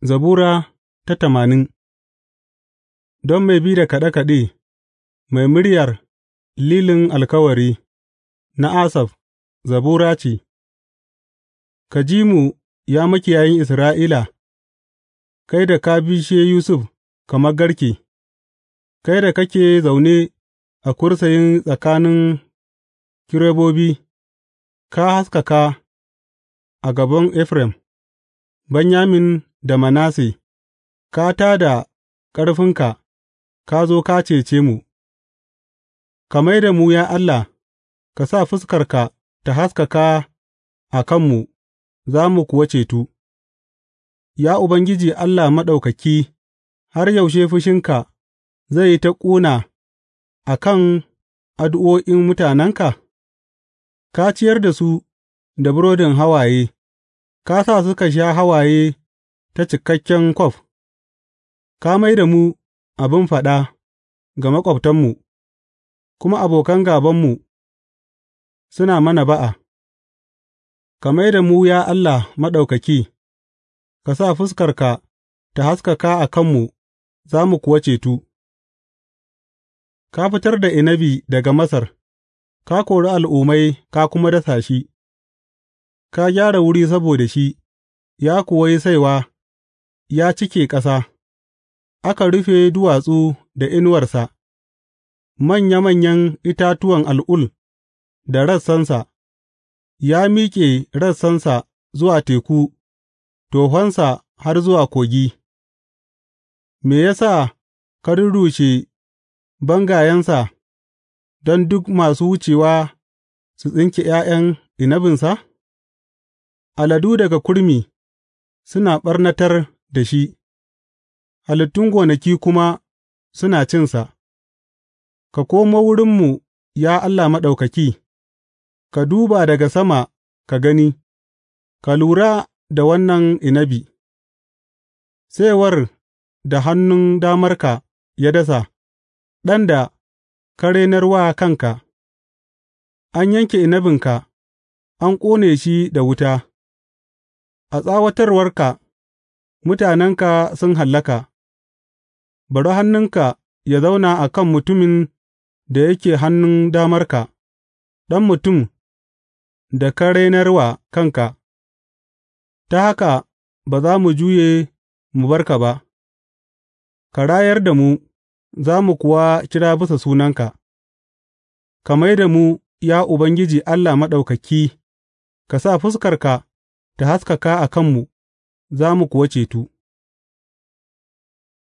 Zabura ta tamanin Don mai bi da kaɗe kaɗe, mai muryar Lilin Alkawari na Asaf, zabura ce, Ka ji mu, ya makiyayin Isra'ila, kai da ka bishe Yusuf kamar garke, kai da kake zaune a kursayin tsakanin kirebobi ka haskaka a gaban Efraim, banyamin da Manasse, ka tā da ƙarfinka, ka zo ka cece mu; ka mai da mu, ya Allah, ka sa fuskarka ta haskaka a kanmu, za mu kuwa cetu; Ya Ubangiji Allah Maɗaukaki, har yaushe fushinka zai yi ta ƙuna a kan addu'o'in mutanenka? Ka ciyar da su da burodin hawaye, ka sa suka sha hawaye. ta cikakken kwaf, ka mai da mu abin faɗa ga maƙwabtanmu, kuma abokan gābanmu suna mana ba'a, ka mai da mu, ya Allah Maɗaukaki, ka sa fuskarka ta haskaka a kanmu, za mu kuwa cetu. Ka fitar da inabi daga Masar, ka kori al'ummai ka kuma dasa shi, ka gyara wuri saboda shi, ya kuwa yi saiwa ya cike ƙasa, aka rufe duwatsu da inuwarsa, manya manyan itatuwan al'ul da rassansa, ya miƙe rassansa zuwa teku, tohonsa har zuwa kogi. Me ya sa ka rurrushe bangayensa don duk masu wucewa su tsinke ’ya'yan inabinsa? Aladu daga kurmi suna ɓarnatar da shi, halittun gonaki kuma suna cinsa; ka komo wurinmu, ya Allah Maɗaukaki, ka duba daga sama ka gani, ka lura da wannan inabi, saiwar da hannun damarka ya dasa, ɗan da ka renar wa kanka, an yanke inabinka, an ƙone shi da wuta, a tsawatarwarka. Mutanenka sun hallaka; bari hannunka yă zauna a kan mutumin da yake hannun damarka, ɗan mutum da ka renar wa kanka, ta haka ba za mu juye mu bar ka ba; ka rayar da mu, za mu kuwa kira bisa sunanka; ka mai da mu, ya Ubangiji Allah Maɗaukaki, ka sa fuskarka ta haskaka a kanmu. za mu kuwa cetu.